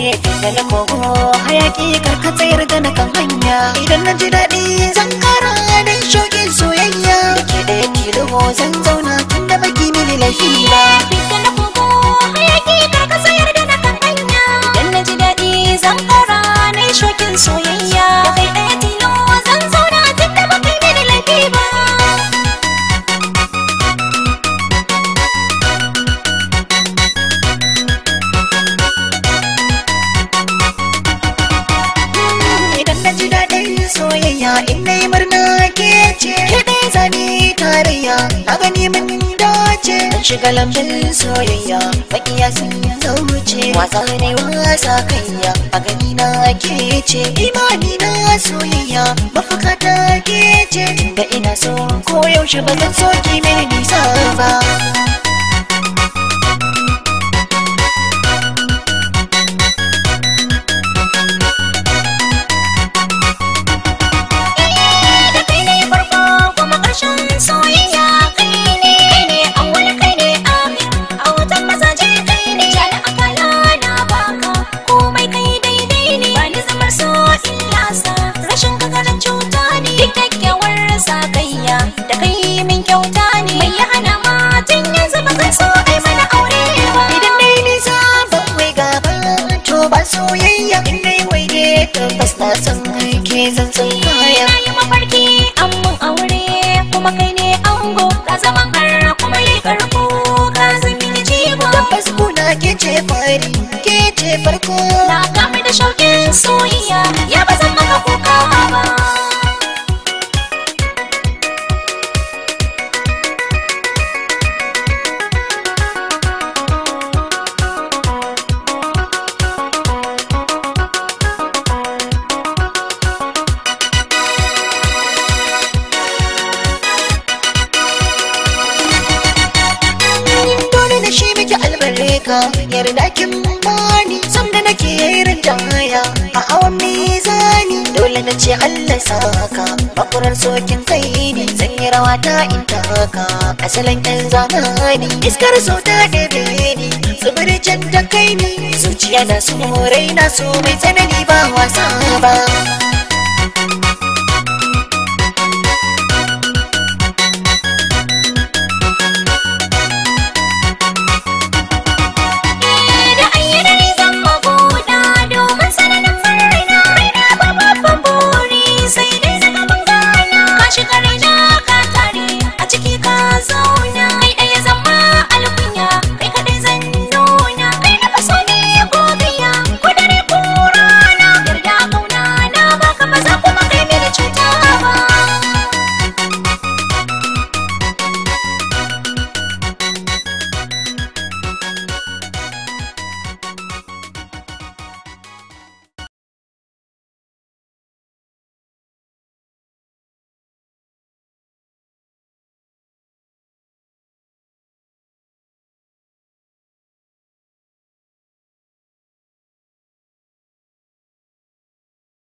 gare ki salon mago hayaki karka tsayar da na kan hanya idan na ji daɗi zan kara ɗan shokin soyayya da ke ɗaya tilo zan zauna tun da baki mini laifi ba tarayya in nayi murna ke ce ke dai zani tarayya na gani mun dace shiga lambin soyayya makiya sun ce. wasa ne wasa kanya a gani na ke ce imani na soyayya mafaka ta ke ce tunda ina so yaushe ba zan soki mai nisa ba tabbas na san ke zancen kaya na yi mafarki an mun aure kuma kai ne ango ka zama har kuma yi karko ka zama jigo tabbas kuna ke ce ke ce ka yarda kin bani san da nake rinjaya a hawan mizani dole na ce Allah saka bakurar sokin kai ne zan yi rawa ta in asalin yan zamani iskar so ta ɗebe ni da kai ne zuciya na so raina so mai tsanani ba wasa ba